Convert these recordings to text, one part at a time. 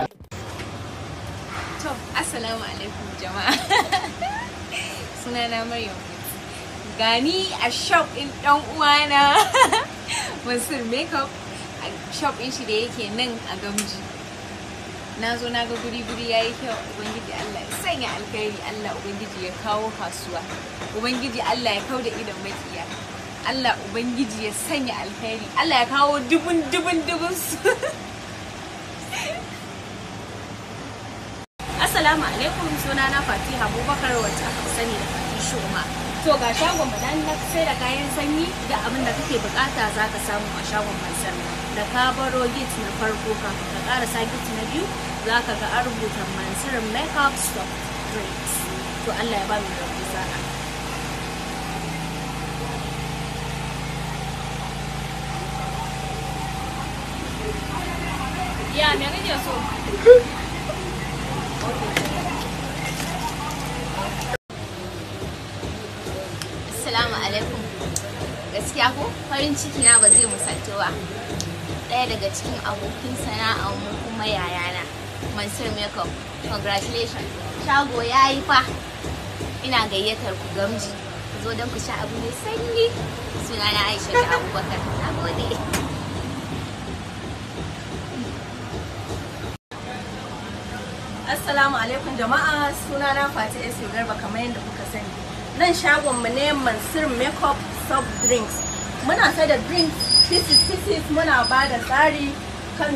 To, Assalamu alaikum jama'a. Sunana Maryam Gani a shop ɗin ɗan uwana Mansur Makeup a shop ɗin shi da yake nan a Gamji. Na zo na ga guri-guri ya yi kyau Ubangiji Allah ya sanya alkhairi Allah Ubangiji ya kawo kasuwa. Ubangiji Allah ya kau da idan makiya. Allah Ubangiji ya sanya alkhairi Allah ya kawo dubun dubun dubun su. Assalamu alaikum suna na Fatiha Abubakar wacce aka sani da Fati Shoma. To ga shagon mu dan na sai da kayan sanyi da abin da kake bukata zaka samu a shagon Mansar. Da ka baro gate na farko kafin ka karasa gate na biyu zaka ga an rubuta Mansur Makeup Shop. Drinks. To Allah ya ba mu rabu sa'a. Yeah, me so. gaskiya ko farin ciki na ba zai musaltu ba ɗaya daga cikin abokin sana'a mu kuma yayana mansur makeup congratulations shago ya yi fa ina gayyatar ku gamji ku zo don ku sha abu mai sanyi sunana aisha da abubakar na gode Assalamu alaikum jama'a sunana Fati S. Garba kamar yadda kuka sani. Nan shagon mu ne Mansur Makeup Soft Drinks muna sai da drink pieces pieces muna ba da tsari kan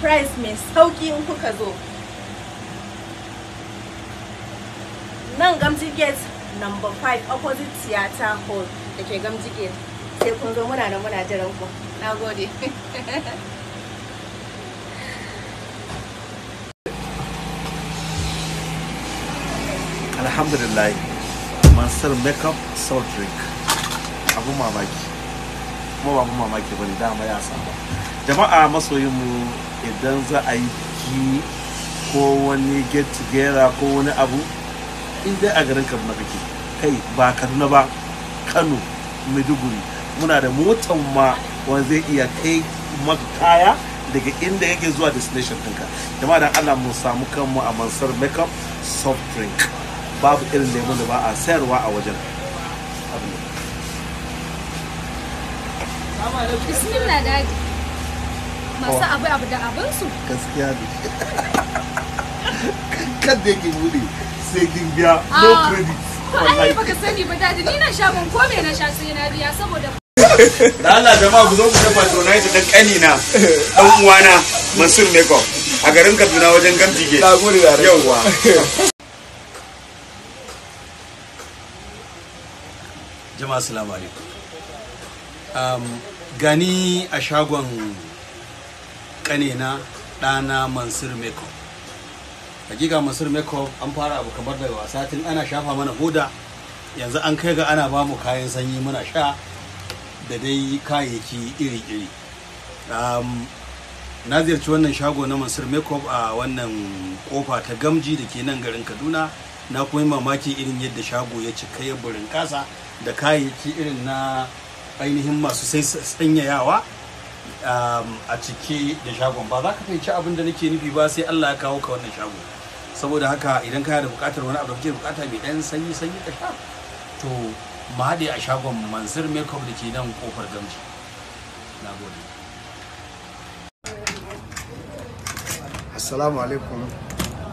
price mai sauki in kuka zo nan gamji gate number 5 opposite theater hall da ke gamji gate sai kun zo muna da muna jiran ku na gode alhamdulillah mansar makeup salt drink abu mamaki kuma ba mun mamaki bane dama ya saba jama'a masoyinmu idan za a yi ki ko wani get together ko wani abu in a garin kaduna kake kai ba kaduna ba kano maiduguri muna da motan ma wanda zai iya kai maka daga inda yake zuwa destination ɗinka jama'a dan allah mu samu kanmu a mansar makeup soft drink babu irin lemon da ba a sayarwa a wajen abin bismillah daji masu oh. abu abu da abin su gaskiya ne kan da yake bude sai kin no ah, credit wallahi baka sani ba daji ni na sha ban kome na sha sai na biya saboda Lala jama'a ku zo ku dafa tonight da kanina dan uwana Mansur mekko a garin Kaduna wajen Gamjige. Na gode da Yauwa. Jama'a assalamu alaikum. um, gani a shagon kanena ɗana mansur makeup hakika mansur makeup an fara abu kamar daga wasa tun ana shafa mana hoda yanzu an kai ga ana bamu kayan sanyi muna sha da dai kayayyaki iri-iri um, na ziyarci wannan shago na mansur makeup a wannan kofa ta gamji da ke nan garin kaduna na kuma mamaki irin yadda shago ya cika ya burin kasa da kayayyaki irin na ainihin masu sai sanyayawa um, a cike da shagon ba za ka fahimci abin da nake nufi ba sai Allah ya kawo ka wannan shago saboda haka idan kana da bukatar wani abu da kake bukata mai dan sanyi sanyi ka sha to ma haɗe a shagon Mansur Makeup da ke nan kofar Gamji nagode Assalamu alaikum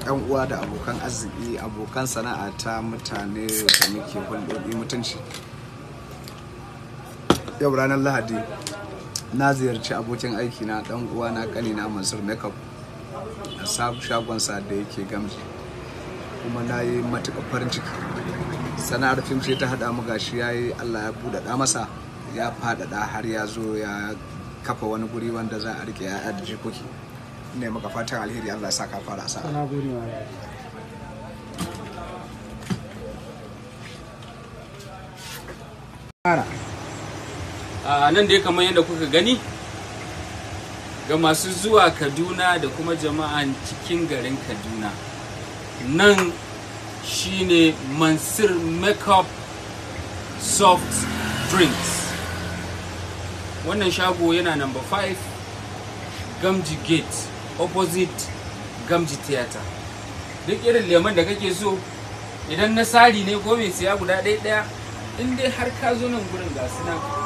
yan uwa da abokan arziki abokan sana'a ta mutane da muke hulɗoɗi mutunci yau ranar lahadi na ziyarci abokin aiki na dan uwa na kani na mansur makeup a shagonsa da yake gamji kuma na yi matuƙa farin ciki sana'ar fim ce ta haɗa mu gashi ya yi allah ya buɗaɗa masa ya faɗaɗa har ya zo ya kafa wani guri wanda za a riƙe ya'ya da jikoki ne maka fatan alheri allah ya sa ka fara sa'a Para. a nan dai kamar yadda kuka gani ga masu zuwa kaduna da kuma jama'an cikin garin kaduna nan shine Mansir makeup soft drinks wannan shago yana number 5 gamji gate opposite gamji theater duk irin lemon da kake so idan na sari ne ko mai siya guda ɗaya ɗaya in dai har ka zo nan gurin ga nan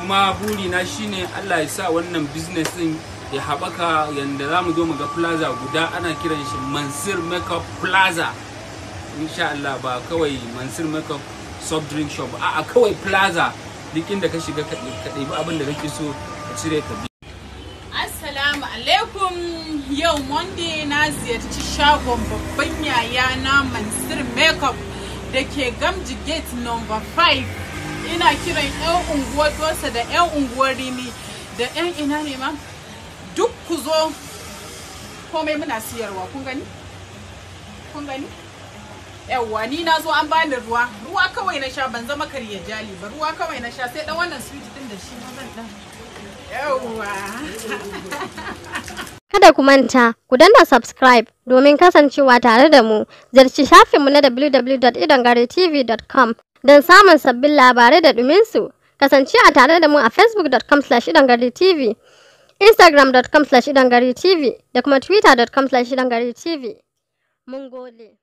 kuma na shine allah ya sa wannan business din ya haɓaka yadda za mu zo mu ga plaza guda ana kiran shi mansir makeup plaza insha allah ba kawai mansir makeup soft drink shop a'a kawai plaza duk inda ka shiga ka ɗebi abin da kake so ka cire ka bi assalamu alaikum yau monday na ziyarci shagon babban yaya na mansir makeup da ke gamji gate number 5 ina kiran 'yan unguwar dosa da 'yan unguwar rimi da 'yan ina ne ma duk ku zo komai muna siyarwa kun gani kun gani yawwa ni na zo an bani ruwa ruwa kawai na sha ban zama karya jali ba ruwa kawai na sha sai dan wannan sweet din da shi ma zan dan yawwa kada ku manta ku danna subscribe domin kasancewa tare da mu zarci shafinmu na www.idongaretv.com don samun sabbin labarai da ɗuminsu. Kasance a tare da mu a facebook.com slash Instagram tv, instagram.com tv da kuma twitter.com slash tv. Mun gode.